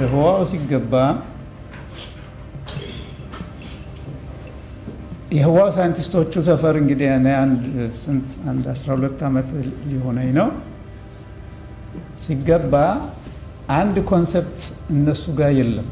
ህዋው ሲገባ የህዋው ሳይንቲስቶቹ ሰፈር እንግዲህ አንድ ስንት አንድ 12 ዓመት ሊሆነኝ ነው ሲገባ አንድ ኮንሰፕት እነሱ ጋር የለም፣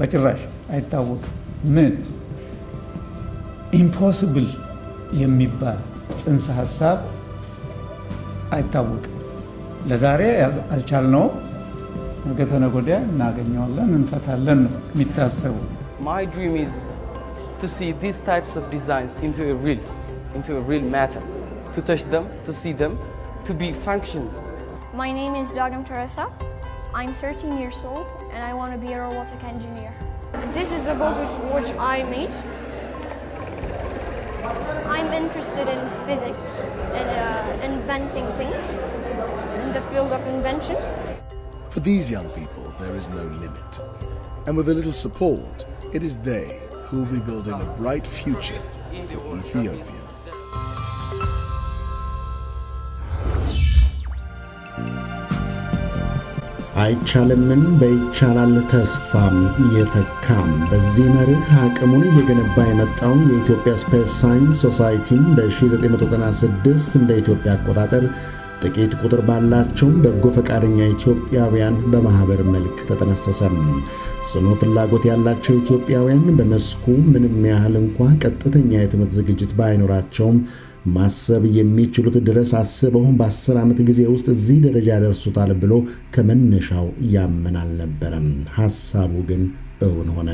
በጭራሽ አይታወቅም። ምን ኢምፖስብል የሚባል ጽንሰ ሀሳብ አይታወቅም። ለዛሬ አልቻልነውም። My dream is to see these types of designs into a real, into a real matter, to touch them, to see them, to be functional. My name is Dagam Teresa. I'm 13 years old and I want to be a robotic engineer. This is the boat which, which I made. I'm interested in physics and uh, inventing things in the field of invention. For these young people, there is no limit. And with a little support, it is they who will be building a bright future for Ethiopia. አይቻልምን በይቻላል ተስፋም እየተካም በዚህ መርህ አቅሙን እየገነባ የመጣውን የኢትዮጵያ ስፔስ ሳይንስ ሶሳይቲም በ1996 እንደ ኢትዮጵያ አቆጣጠር ጥቂት ቁጥር ባላቸውም በጎ ፈቃደኛ ኢትዮጵያውያን በማኅበር መልክ ተጠነሰሰም። ጽኑ ፍላጎት ያላቸው ኢትዮጵያውያን በመስኩ ምንም ያህል እንኳ ቀጥተኛ የትምህርት ዝግጅት ባይኖራቸውም ማሰብ የሚችሉት ድረስ አስበውን በአስር ዓመት ጊዜ ውስጥ እዚህ ደረጃ ደርሱታል ብሎ ከመነሻው ያምን አልነበረም። ሐሳቡ ግን እውን ሆነ።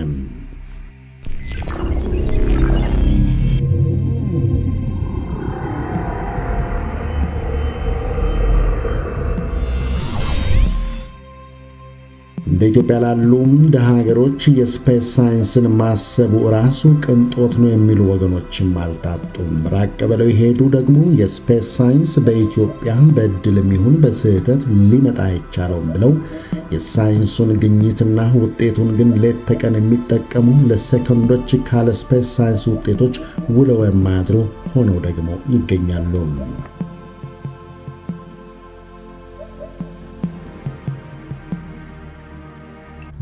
እንደ ኢትዮጵያ ላሉም ድሃ ሀገሮች የስፔስ ሳይንስን ማሰቡ ራሱ ቅንጦት ነው የሚሉ ወገኖችም አልታጡም። ራቅ ብለው የሄዱ ደግሞ የስፔስ ሳይንስ በኢትዮጵያ በእድል ይሁን በስህተት ሊመጣ አይቻለውም ብለው የሳይንሱን ግኝትና ውጤቱን ግን ሌት ተቀን የሚጠቀሙ ለሰከንዶች ካለ ስፔስ ሳይንስ ውጤቶች ውለው የማያድሩ ሆነው ደግሞ ይገኛሉ።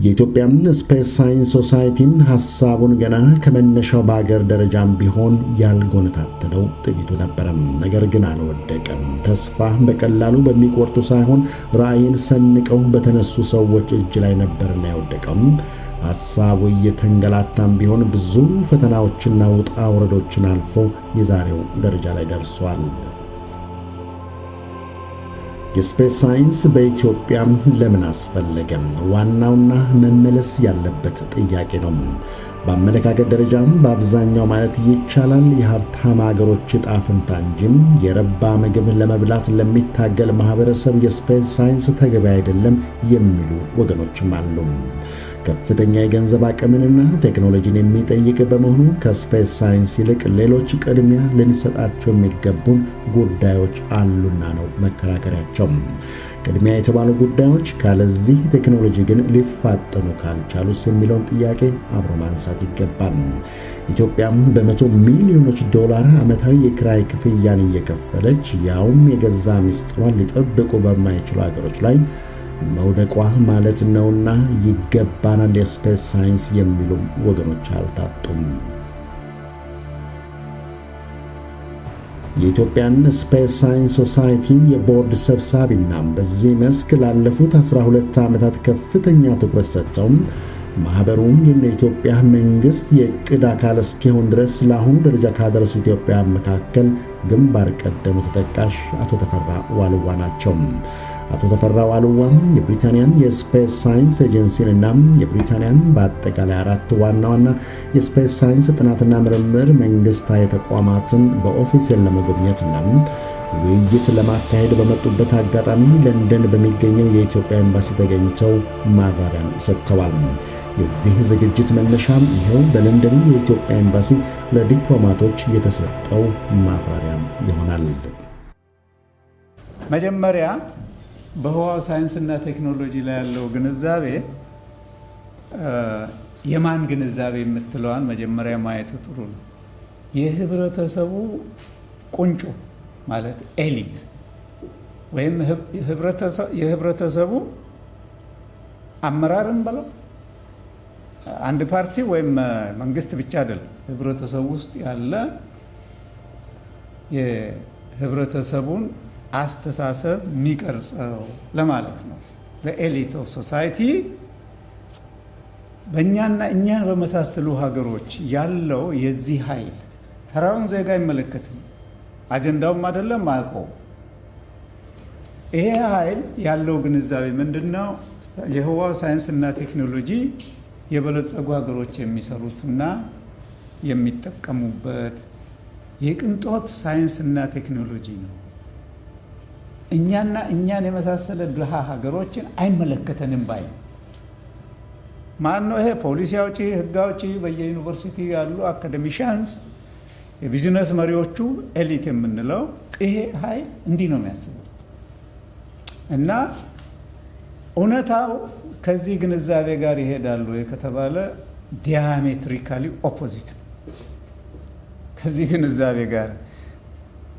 የኢትዮጵያ ስፔስ ሳይንስ ሶሳይቲም ሐሳቡን ገና ከመነሻው በአገር ደረጃም ቢሆን ያልጎነታተለው ጥቂቱ ነበረም። ነገር ግን አልወደቀም። ተስፋ በቀላሉ በሚቆርጡ ሳይሆን ራዕይን ሰንቀው በተነሱ ሰዎች እጅ ላይ ነበርና አይወደቀም። ሐሳቡ እየተንገላታም ቢሆን ብዙ ፈተናዎችና ውጣ ውረዶችን አልፈው የዛሬው ደረጃ ላይ ደርሷል። የስፔስ ሳይንስ በኢትዮጵያ ለምን አስፈለገም? ዋናውና መመለስ ያለበት ጥያቄ ነው። በአመለካከት ደረጃም በአብዛኛው ማለት ይቻላል የሀብታም ሀገሮች ዕጣ ፈንታ እንጂም የረባ ምግብ ለመብላት ለሚታገል ማህበረሰብ የስፔስ ሳይንስ ተገቢ አይደለም የሚሉ ወገኖችም አሉ። ከፍተኛ የገንዘብ አቅምንና ቴክኖሎጂን የሚጠይቅ በመሆኑ ከስፔስ ሳይንስ ይልቅ ሌሎች ቅድሚያ ልንሰጣቸው የሚገቡን ጉዳዮች አሉና ነው መከራከሪያቸው። ቅድሚያ የተባሉ ጉዳዮች ካለዚህ ቴክኖሎጂ ግን ሊፋጠኑ ካልቻሉስ የሚለውን ጥያቄ አብሮ ማንሳት ይገባል። ኢትዮጵያም በመቶ ሚሊዮኖች ዶላር ዓመታዊ የክራይ ክፍያን እየከፈለች ያውም የገዛ ሚስጥሯን ሊጠብቁ በማይችሉ ሀገሮች ላይ መውደቋ ማለት ነውና ይገባናል የስፔስ ሳይንስ የሚሉም ወገኖች አልታጡም። የኢትዮጵያን ስፔስ ሳይንስ ሶሳይቲ የቦርድ ሰብሳቢና በዚህ መስክ ላለፉት 12 ዓመታት ከፍተኛ ትኩረት ሰጥተው ማኅበሩም የነ ኢትዮጵያ መንግሥት የዕቅድ አካል እስኪሆን ድረስ ለአሁኑ ደረጃ ካደረሱ ኢትዮጵያ መካከል ግንባር ቀደሙ ተጠቃሽ አቶ ተፈራ ዋልዋ ናቸው። አቶ ተፈራ ዋልዋ የብሪታንያን የስፔስ ሳይንስ እና የብሪታንያን በአጠቃላይ አራት ዋና ዋና የስፔስ ሳይንስ ጥናትና ምርምር መንግስታዊ ተቋማትን በኦፊሴል እና ውይይት ለማካሄድ በመጡበት አጋጣሚ ለንደን በሚገኘው የኢትዮጵያ ኤምባሲ ተገኝተው ማብራሪያም ሰጥተዋል። የዚህ ዝግጅት መነሻም ይኸው በለንደኑ የኢትዮጵያ ኤምባሲ ለዲፕሎማቶች የተሰጠው ማብራሪያም ይሆናል። መጀመሪያ በህዋው ሳይንስና ቴክኖሎጂ ላይ ያለው ግንዛቤ የማን ግንዛቤ የምትለዋን መጀመሪያ ማየቱ ጥሩ ነው። የህብረተሰቡ ቁንጮ ማለት ኤሊት ወይም የህብረተሰቡ አመራርም በለው አንድ ፓርቲ ወይም መንግስት ብቻ አይደለም። ህብረተሰቡ ውስጥ ያለ የህብረተሰቡን አስተሳሰብ የሚቀርጸው ለማለት ነው። ኤሊት ኦፍ ሶሳይቲ በእኛና እኛን በመሳሰሉ ሀገሮች ያለው የዚህ ኃይል ተራውን ዜጋ አይመለከትም። አጀንዳውም አይደለም አያውቀው። ይሄ ኃይል ያለው ግንዛቤ ምንድን ነው? የህዋው ሳይንስና ቴክኖሎጂ የበለጸጉ ሀገሮች የሚሰሩትና የሚጠቀሙበት የቅንጦት ሳይንስና ቴክኖሎጂ ነው። እኛና እኛን የመሳሰለ ድሃ ሀገሮችን አይመለከተንም ባይ ማን ነው? ይሄ ፖሊሲ አውጪ፣ ህግ አውጪ፣ በየዩኒቨርሲቲ ያሉ አካደሚሻንስ፣ የቢዝነስ መሪዎቹ፣ ኤሊት የምንለው ይሄ ሀይል እንዲህ ነው የሚያስበው እና እውነታው ከዚህ ግንዛቤ ጋር ይሄዳሉ ከተባለ ዲያሜትሪካሊ ኦፖዚት ነው ከዚህ ግንዛቤ ጋር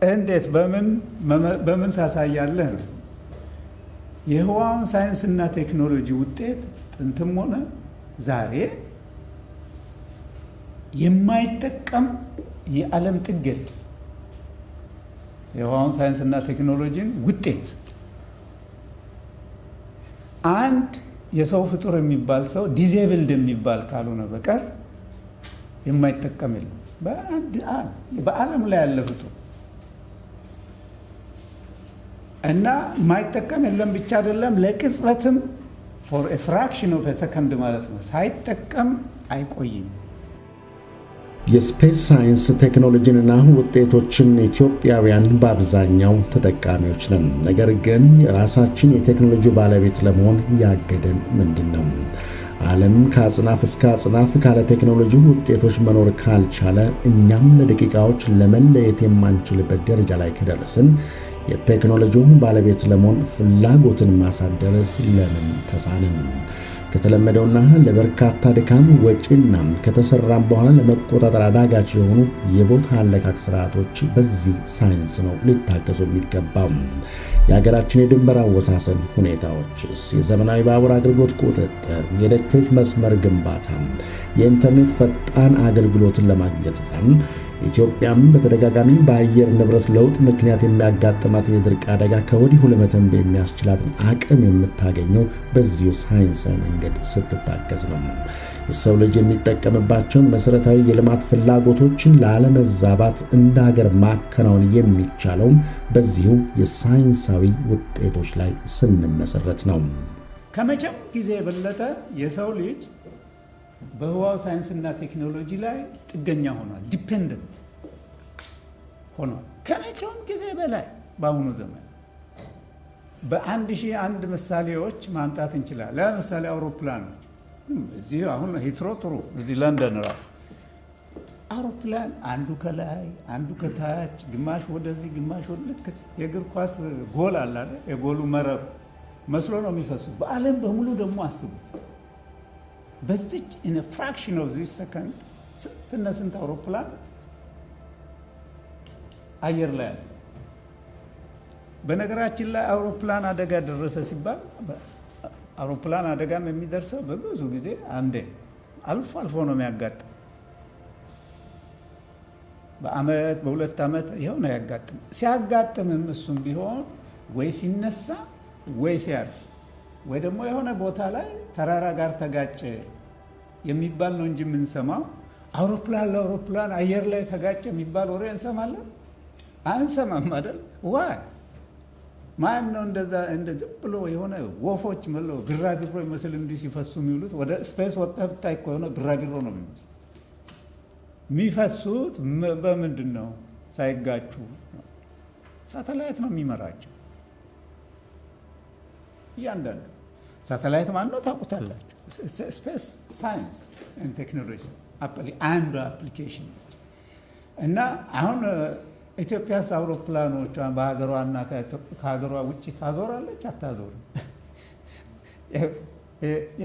እንዴት በምን በምን ታሳያለህ ነው። የህዋውን ሳይንስና ቴክኖሎጂ ውጤት ጥንትም ሆነ ዛሬ የማይጠቀም የዓለም ጥገድ የህዋውን ሳይንስና ቴክኖሎጂን ውጤት አንድ የሰው ፍጡር የሚባል ሰው ዲዜብልድ የሚባል ካልሆነ በቀር የማይጠቀም የለም በዓለም ላይ ያለ ፍጡር እና ማይጠቀም የለም ብቻ አይደለም፣ ለቅጽበትም ፎር ፍራክሽን ኦፍ ሰከንድ ማለት ነው ሳይጠቀም አይቆይም። የስፔስ ሳይንስ ቴክኖሎጂንና ውጤቶችን ኢትዮጵያውያን በአብዛኛው ተጠቃሚዎች ነን። ነገር ግን የራሳችን የቴክኖሎጂ ባለቤት ለመሆን ያገደን ምንድን ነው? ዓለም ከአጽናፍ እስከ አጽናፍ ካለ ቴክኖሎጂ ውጤቶች መኖር ካልቻለ እኛም ለደቂቃዎች ለመለየት የማንችልበት ደረጃ ላይ ከደረስን የቴክኖሎጂውም ባለቤት ለመሆን ፍላጎትን ማሳደረስ ለምን ተሳንን? ከተለመደውና ለበርካታ ድካም ወጪና ከተሰራም በኋላ ለመቆጣጠር አዳጋች የሆኑ የቦታ አለቃቅ ስርዓቶች በዚህ ሳይንስ ነው ሊታገዙ የሚገባው። የሀገራችን የድንበር አወሳሰን ሁኔታዎችስ፣ የዘመናዊ ባቡር አገልግሎት ቁጥጥር፣ የኤሌክትሪክ መስመር ግንባታ፣ የኢንተርኔት ፈጣን አገልግሎትን ለማግኘት ኢትዮጵያም በተደጋጋሚ በአየር ንብረት ለውጥ ምክንያት የሚያጋጥማትን የድርቅ አደጋ ከወዲሁ ለመተንበይ የሚያስችላትን አቅም የምታገኘው በዚሁ ሳይንሳዊ መንገድ ስትታገዝ ነው። የሰው ልጅ የሚጠቀምባቸውን መሠረታዊ የልማት ፍላጎቶችን ላለመዛባት እንደ ሀገር ማከናወን የሚቻለውም በዚሁ የሳይንሳዊ ውጤቶች ላይ ስንመሰረት ነው። ከመቼም ጊዜ የበለጠ የሰው ልጅ በህዋው ሳይንስና ቴክኖሎጂ ላይ ጥገኛ ሆኗል። ዲፔንደንት ሆኗል ከመቼውም ጊዜ በላይ በአሁኑ ዘመን በአንድ ሺህ አንድ ምሳሌዎች ማምጣት እንችላል። ለምሳሌ አውሮፕላኖች እዚህ አሁን ሂትሮ ጥሩ እዚህ ለንደን ራሱ አውሮፕላን አንዱ ከላይ አንዱ ከታች ግማሽ ወደዚህ ግማሽ ወደ ልክ የእግር ኳስ ጎል አለ የጎሉ መረብ መስሎ ነው የሚፈሱት። በዓለም በሙሉ ደግሞ አስቡት። በዚች ኢን ፍራክሽን ኦፍ ዚስ ሰከንድ ስንትና ስንት አውሮፕላን አየር ላይ አለ። በነገራችን ላይ አውሮፕላን አደጋ ደረሰ ሲባል አውሮፕላን አደጋም የሚደርሰው በብዙ ጊዜ አንዴ አልፎ አልፎ ነው የሚያጋጥም። በአመት በሁለት አመት ይኸው ነው ያጋጥም። ሲያጋጥምም እሱም ቢሆን ወይ ሲነሳ ወይ ሲያርፍ ወይ ደግሞ የሆነ ቦታ ላይ ተራራ ጋር ተጋጨ የሚባል ነው እንጂ የምንሰማው አውሮፕላን ለአውሮፕላን አየር ላይ ተጋጨ የሚባል ወሬ እንሰማለን አንሰማም አይደል? ዋይ ማን ነው እንደዛ እንደ ዝም ብሎ የሆነ ወፎች መለ ቢራቢሮ ይመስል እንዲህ ሲፈሱ የሚውሉት ወደ ስፔስ ወጥተህ ብታይ እኮ የሆነ ቢራቢሮ ነው የሚመስል የሚፈሱት በምንድን ነው? ሳይጋጩ ሳተላይት ነው የሚመራቸው። እያንዳንዱ ሳተላይት ማን ነው ታውቁታላችሁ። ስፔስ ሳይንስ ቴክኖሎጂ አንዱ አፕሊኬሽን እና አሁን ኢትዮጵያስ አውሮፕላኖቿን በሀገሯና ከሀገሯ ውጭ ታዞራለች አታዞርም?